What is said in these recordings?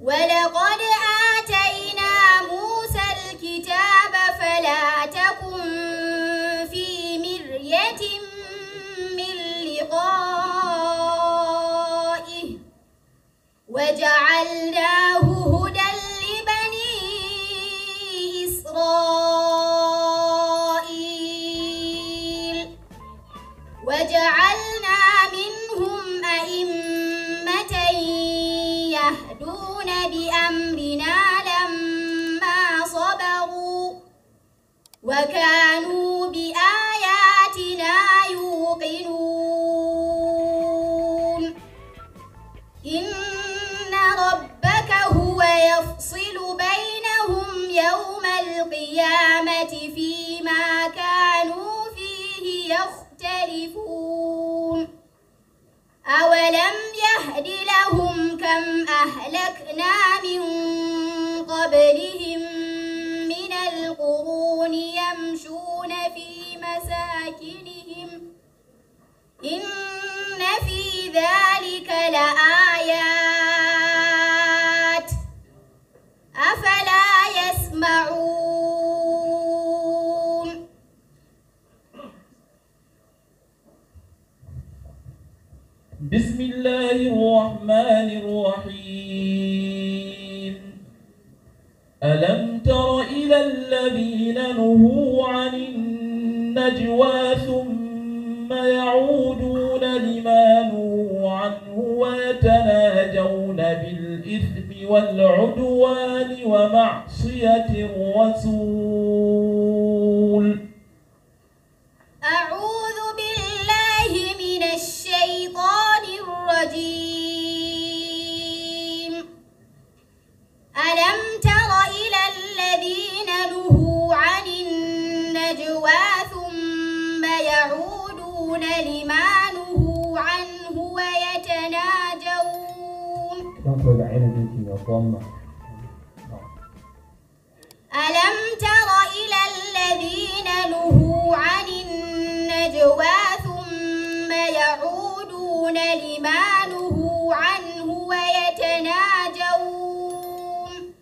ولقد آتينا موسى الكتاب فلا تكن في مرية من لقائه وجعلناه وكانوا بآياتنا يوقنون إن ربك هو يفصل بينهم يوم القيامة فيما كانوا فيه يختلفون أولم يهد لهم كم أهلكنا ذلك لآيات أفلا يسمعون بسم الله الرحمن الرحيم ألم تر إلى الذين نهوا عن النجوى ثم يعود يتناجون بالإثم والعدوان ومعصية الرسول أعوذ بالله من الشيطان الرجيم ألم تر إلى الذين نهوا عن النجوى ثم يعودون لما نهوا عنه والضمة ألم تر إلى الذين نهوا عن النجوى ثم يعودون لما نهوا عنه ويتناجون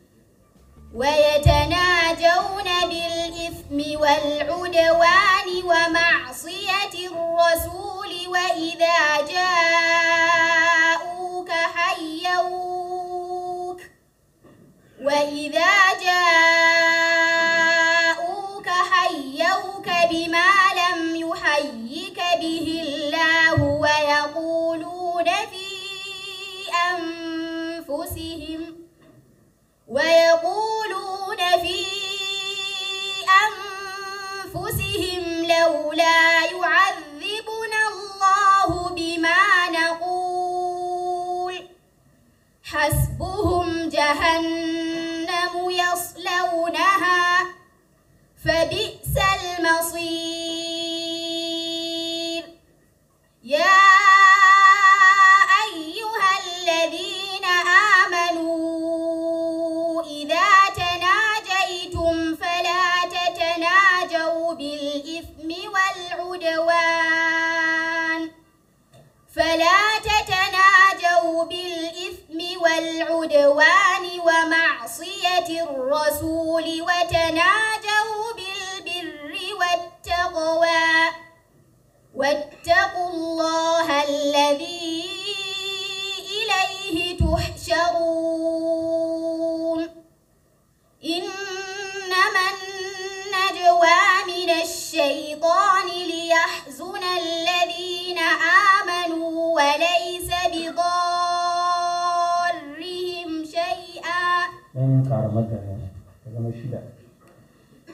ويتناجون بالإثم والعدوان ومعصية الرسول وإذا جاءوا وإذا جاءوك حيوك بما لم يحيك به الله ويقولون في أنفسهم ويقولون في أنفسهم لولا يعذبنا الله بما نقول حسبهم جهنم يصلونها فبئس المصير يا أيها الذين آمنوا إذا تناجيتم فلا تتناجوا بالإثم والعدوان فلا تتناجوا بالإثم والعدوان ومعصية الرسول وتناجوا بالبر والتقوى واتقوا الله الذي إليه تحشرون إنما النجوى من الشيطان ليحزن الذين آمنوا ولا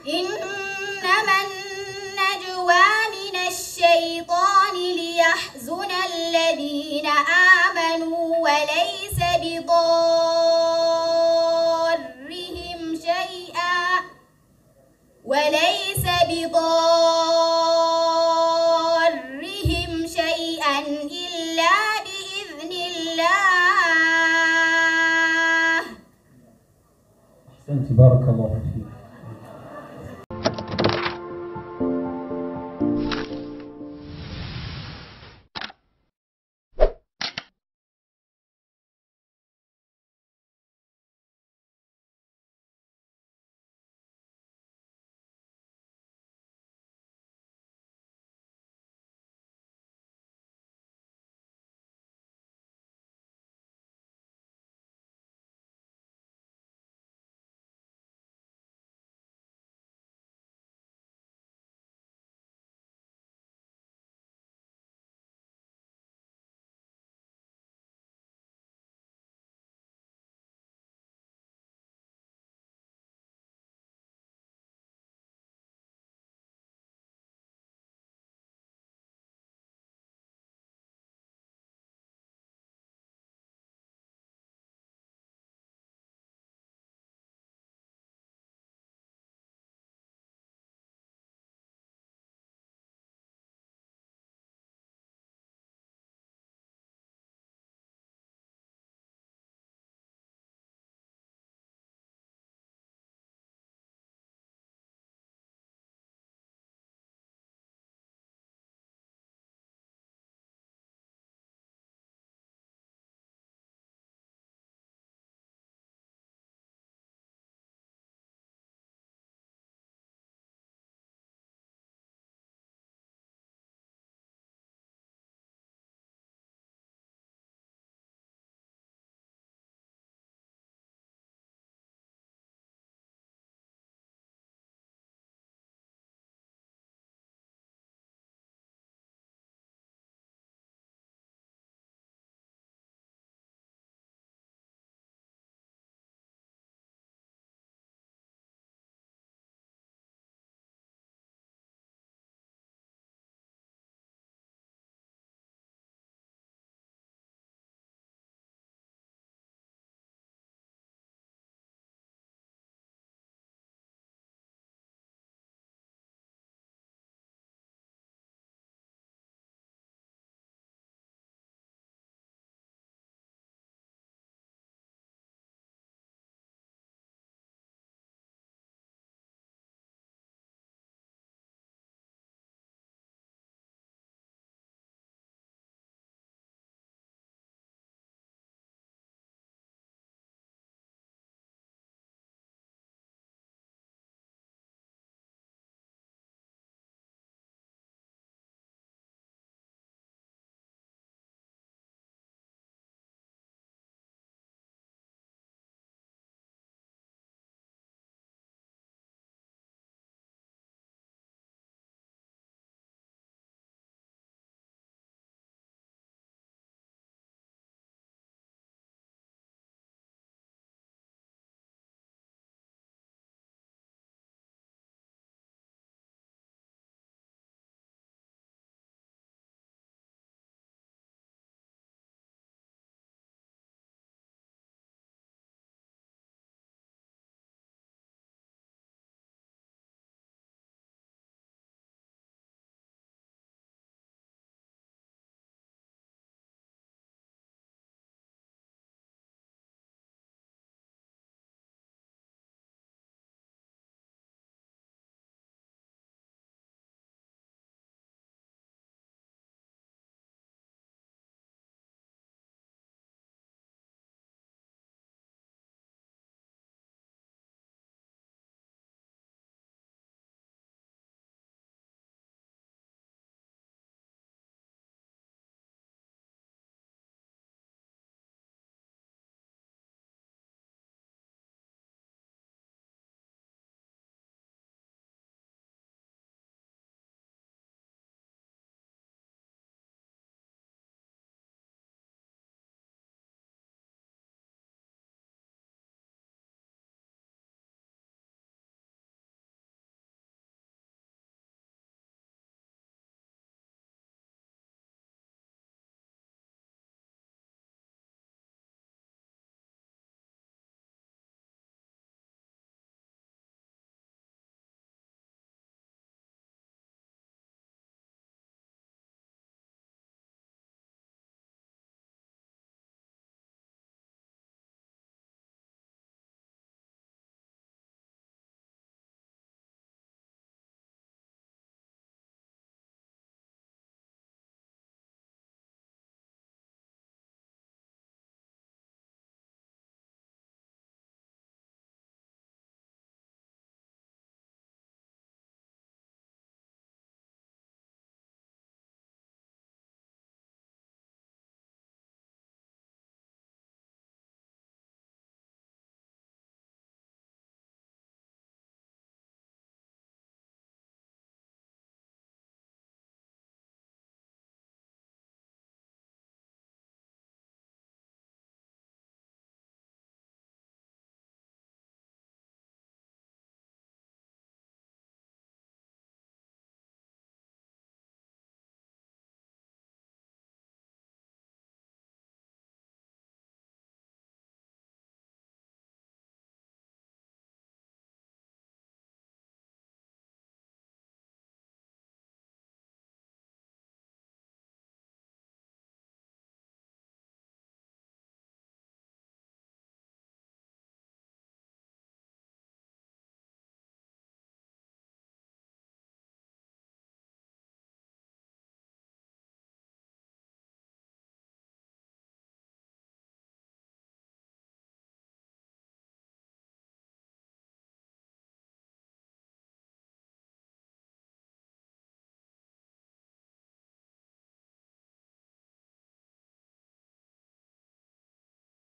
إنما النجوى من الشيطان ليحزن الذين آمنوا وليس بضارهم شيئا وليس بضارهم انت بارك الله فيك